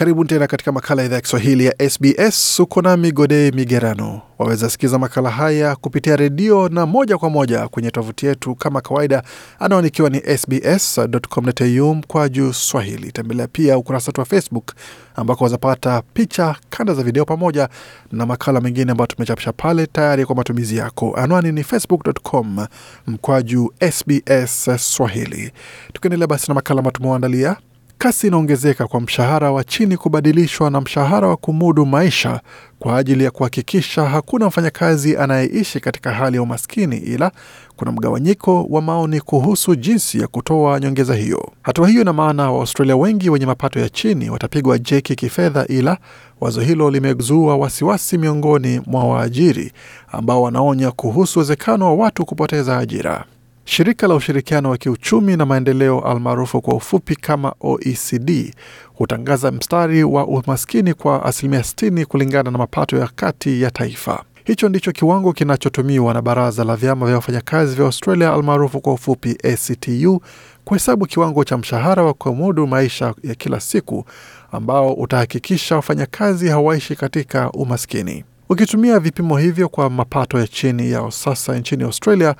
Karibu tena katika makala ya idhaa ya Kiswahili ya SBS. Uko nami Gode Migerano. Waweza sikiza makala haya kupitia redio na moja kwa moja kwenye tovuti yetu kama kawaida, anaonikiwa ni sbs.com.au kwa juu swahili. Tembelea pia ukurasa wetu wa Facebook ambako wazapata picha, kanda za video pamoja na makala mengine ambayo tumechapisha pale tayari kwa matumizi yako. Anwani ni facebook.com mkwaju sbs swahili. Tukiendelea basi na makala ambayo tumewaandalia Kasi inaongezeka kwa mshahara wa chini kubadilishwa na mshahara wa kumudu maisha kwa ajili ya kuhakikisha hakuna mfanyakazi anayeishi katika hali ya umaskini, ila kuna mgawanyiko wa maoni kuhusu jinsi ya kutoa nyongeza hiyo. Hatua hiyo ina maana Waaustralia wengi wenye mapato ya chini watapigwa jeki kifedha, ila wazo hilo limezua wasiwasi miongoni mwa waajiri ambao wanaonya kuhusu uwezekano wa watu kupoteza ajira. Shirika la ushirikiano wa kiuchumi na maendeleo almaarufu kwa ufupi kama OECD hutangaza mstari wa umaskini kwa asilimia 60 kulingana na mapato ya kati ya taifa. Hicho ndicho kiwango kinachotumiwa na baraza la vyama vya wafanyakazi vya Australia almaarufu kwa ufupi ACTU kuhesabu kiwango cha mshahara wa kumudu maisha ya kila siku ambao utahakikisha wafanyakazi hawaishi katika umaskini. Ukitumia vipimo hivyo kwa mapato ya chini ya sasa nchini Australia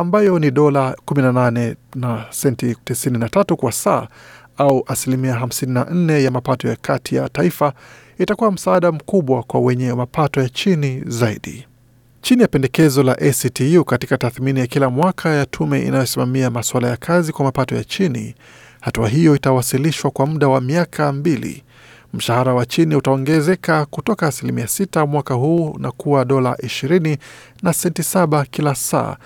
ambayo ni dola 18 na senti 93 kwa saa au asilimia 54 ya mapato ya kati ya taifa, itakuwa msaada mkubwa kwa wenye mapato ya chini zaidi. Chini ya pendekezo la ACTU katika tathmini ya kila mwaka ya tume inayosimamia masuala ya kazi kwa mapato ya chini, hatua hiyo itawasilishwa kwa muda wa miaka mbili. Mshahara wa chini utaongezeka kutoka asilimia 6 mwaka huu na kuwa dola 20 na senti 7 kila saa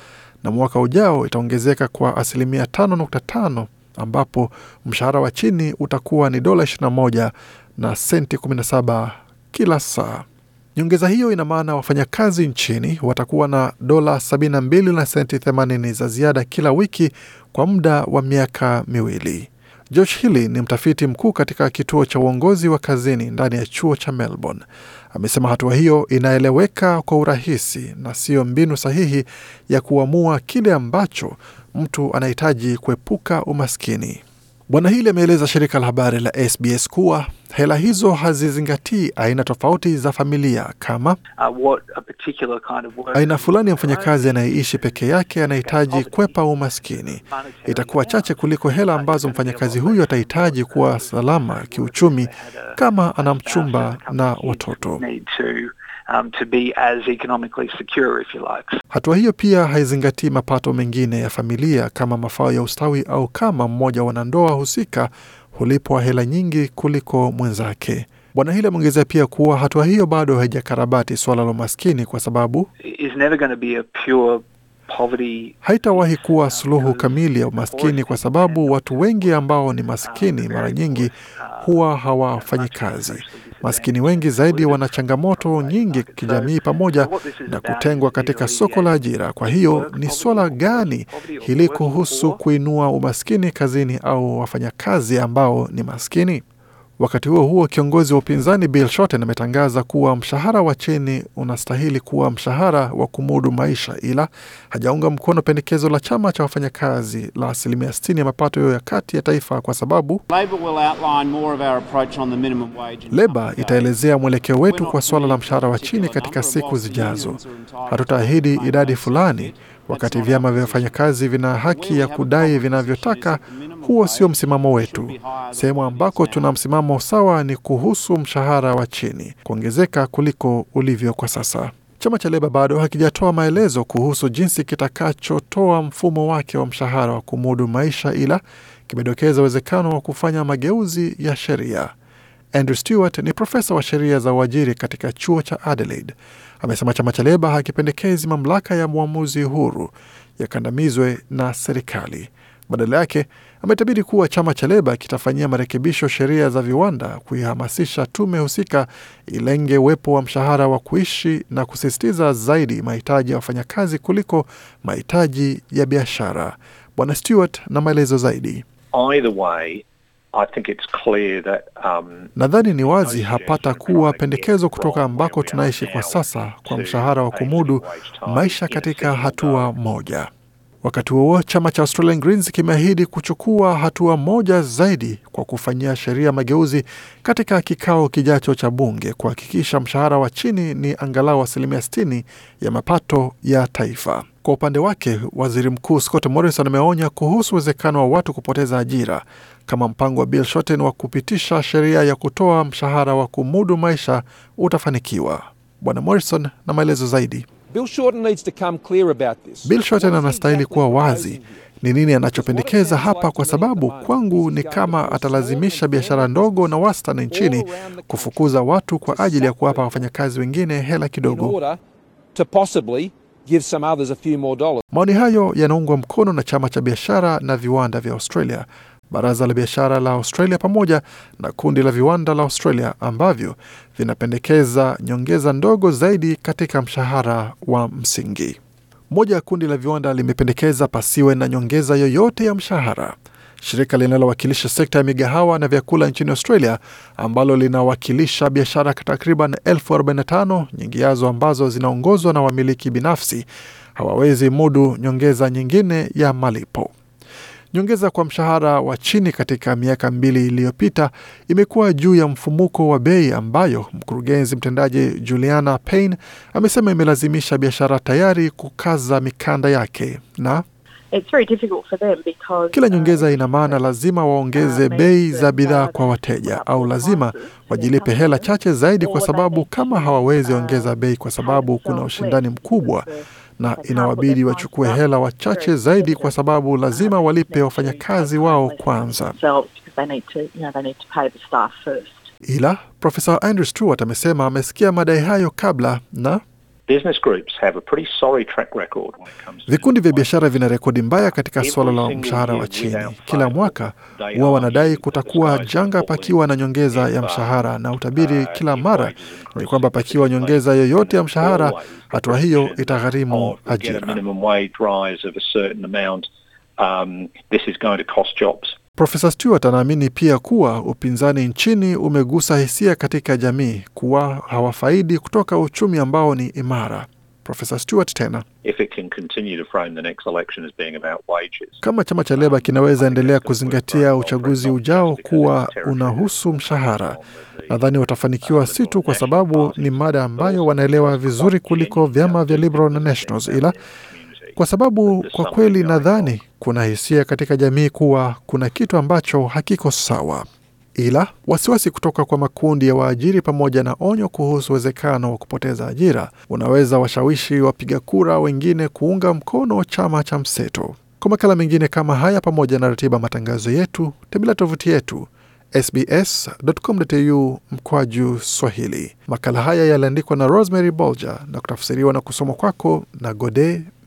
na mwaka ujao itaongezeka kwa asilimia 5.5 ambapo mshahara wa chini utakuwa ni dola 21 na senti 17 kila saa. Nyongeza hiyo ina maana wafanyakazi nchini watakuwa na dola 72 na senti 80 za ziada kila wiki kwa muda wa miaka miwili. Josh Healy ni mtafiti mkuu katika kituo cha uongozi wa kazini ndani ya chuo cha Melbourne. Amesema hatua hiyo inaeleweka kwa urahisi na siyo mbinu sahihi ya kuamua kile ambacho mtu anahitaji kuepuka umaskini. Bwana hili ameeleza shirika la habari la SBS kuwa hela hizo hazizingatii aina tofauti za familia kama uh, aina fulani ya mfanyakazi anayeishi peke yake anahitaji kwepa umaskini, itakuwa chache kuliko hela ambazo mfanyakazi huyo atahitaji kuwa salama kiuchumi kama ana mchumba na watoto um, to be as economically secure if you like. Hatua hiyo pia haizingatii mapato mengine ya familia kama mafao ya ustawi au kama mmoja wanandoa husika hulipwa hela nyingi kuliko mwenzake. Bwana Hili ameongezea pia kuwa hatua hiyo bado haijakarabati suala la umaskini kwa sababu haitawahi kuwa suluhu kamili ya umaskini kwa sababu watu wengi ambao ni maskini mara nyingi uh, huwa hawafanyi kazi Maskini wengi zaidi wana changamoto nyingi kijamii, pamoja na kutengwa katika soko la ajira. Kwa hiyo ni swala gani hili kuhusu kuinua umaskini kazini au wafanyakazi ambao ni maskini? Wakati huo huo, kiongozi wa upinzani Bill Shorten ametangaza kuwa mshahara wa chini unastahili kuwa mshahara wa kumudu maisha, ila hajaunga mkono pendekezo la chama cha wafanyakazi la asilimia 60 ya mapato ya kati ya taifa kwa sababu Leba itaelezea mwelekeo wetu kwa suala la mshahara wa chini katika siku zijazo. Hatutaahidi idadi fulani Wakati vyama vya wafanyakazi vina haki ya kudai vinavyotaka, huo sio msimamo wetu. Sehemu ambako tuna msimamo sawa ni kuhusu mshahara wa chini kuongezeka kuliko ulivyo kwa sasa. Chama cha Leba bado hakijatoa maelezo kuhusu jinsi kitakachotoa mfumo wake wa mshahara wa kumudu maisha, ila kimedokeza uwezekano wa kufanya mageuzi ya sheria. Andrew Stewart ni profesa wa sheria za uajiri katika chuo cha Adelaide amesema chama cha Leba hakipendekezi mamlaka ya mwamuzi huru yakandamizwe na serikali. Badala yake ametabiri kuwa chama cha Leba kitafanyia marekebisho sheria za viwanda kuihamasisha tume husika ilenge uwepo wa mshahara wa kuishi na kusisitiza zaidi mahitaji ya wafanyakazi kuliko mahitaji ya biashara. Bwana Stewart na maelezo zaidi. Either way, Um, Nadhani ni wazi hapata kuwa pendekezo kutoka ambako tunaishi kwa sasa kwa mshahara wa kumudu maisha katika hatua moja. Wakati huo chama cha Australian Greens kimeahidi kuchukua hatua moja zaidi kwa kufanyia sheria mageuzi katika kikao kijacho cha bunge kuhakikisha mshahara wa chini ni angalau asilimia 60 ya mapato ya taifa. Kwa upande wake, waziri mkuu Scott Morrison ameonya kuhusu uwezekano wa watu kupoteza ajira kama mpango wa Bill Shorten wa kupitisha sheria ya kutoa mshahara wa kumudu maisha utafanikiwa. Bwana Morrison na maelezo zaidi. Bill Shorten anastahili kuwa wazi ni nini anachopendekeza hapa, kwa sababu kwangu ni kama atalazimisha biashara ndogo na wastani nchini kufukuza watu kwa ajili ya kuwapa wafanyakazi wengine hela kidogo. Maoni hayo yanaungwa mkono na chama cha biashara na viwanda vya Australia baraza la biashara la Australia pamoja na kundi la viwanda la Australia ambavyo vinapendekeza nyongeza ndogo zaidi katika mshahara wa msingi. Moja ya kundi la viwanda limependekeza pasiwe na nyongeza yoyote ya mshahara. Shirika linalowakilisha sekta ya migahawa na vyakula nchini Australia ambalo linawakilisha biashara takriban elfu 45 yazo ambazo zinaongozwa na wamiliki binafsi hawawezi mudu nyongeza nyingine ya malipo. Nyongeza kwa mshahara wa chini katika miaka mbili iliyopita imekuwa juu ya mfumuko wa bei ambayo mkurugenzi mtendaji Juliana Payne amesema imelazimisha biashara tayari kukaza mikanda yake na It's very difficult for them because, kila uh, nyongeza ina maana lazima waongeze uh, bei za bidhaa kwa wateja au lazima wajilipe hela chache zaidi, kwa sababu kama hawawezi ongeza bei kwa sababu kuna ushindani mkubwa, na inawabidi wachukue hela wachache zaidi, kwa sababu lazima walipe wafanyakazi wao kwanza. Ila Profesa Andrew Stewart amesema amesikia madai hayo kabla na Vikundi vya biashara vina rekodi mbaya katika suala la mshahara wa chini. Kila mwaka huwa wanadai kutakuwa janga pakiwa na nyongeza ya mshahara, na uh, utabiri kila mara ni kwamba pakiwa nyongeza yoyote ya mshahara, hatua hiyo itagharimu ajira. Profesa Stewart anaamini pia kuwa upinzani nchini umegusa hisia katika jamii kuwa hawafaidi kutoka uchumi ambao ni imara. Profesa Stewart tena, kama chama cha Leba um, kinaweza endelea kuzingatia uchaguzi ujao kuwa unahusu mshahara, nadhani watafanikiwa, si tu kwa sababu ni mada ambayo wanaelewa vizuri kuliko vyama vya Liberal na Nationals, ila kwa sababu kwa kweli nadhani kuna hisia katika jamii kuwa kuna kitu ambacho hakiko sawa, ila wasiwasi kutoka kwa makundi ya waajiri pamoja na onyo kuhusu uwezekano wa kupoteza ajira unaweza washawishi wapiga kura wengine kuunga mkono chama cha mseto. Kwa makala mengine kama haya pamoja na ratiba matangazo yetu, tembelea tovuti yetu sbs.com.au mkwaju Swahili. Makala haya yaliandikwa na Rosemary Bolger na kutafsiriwa na kusomwa kwako na Gode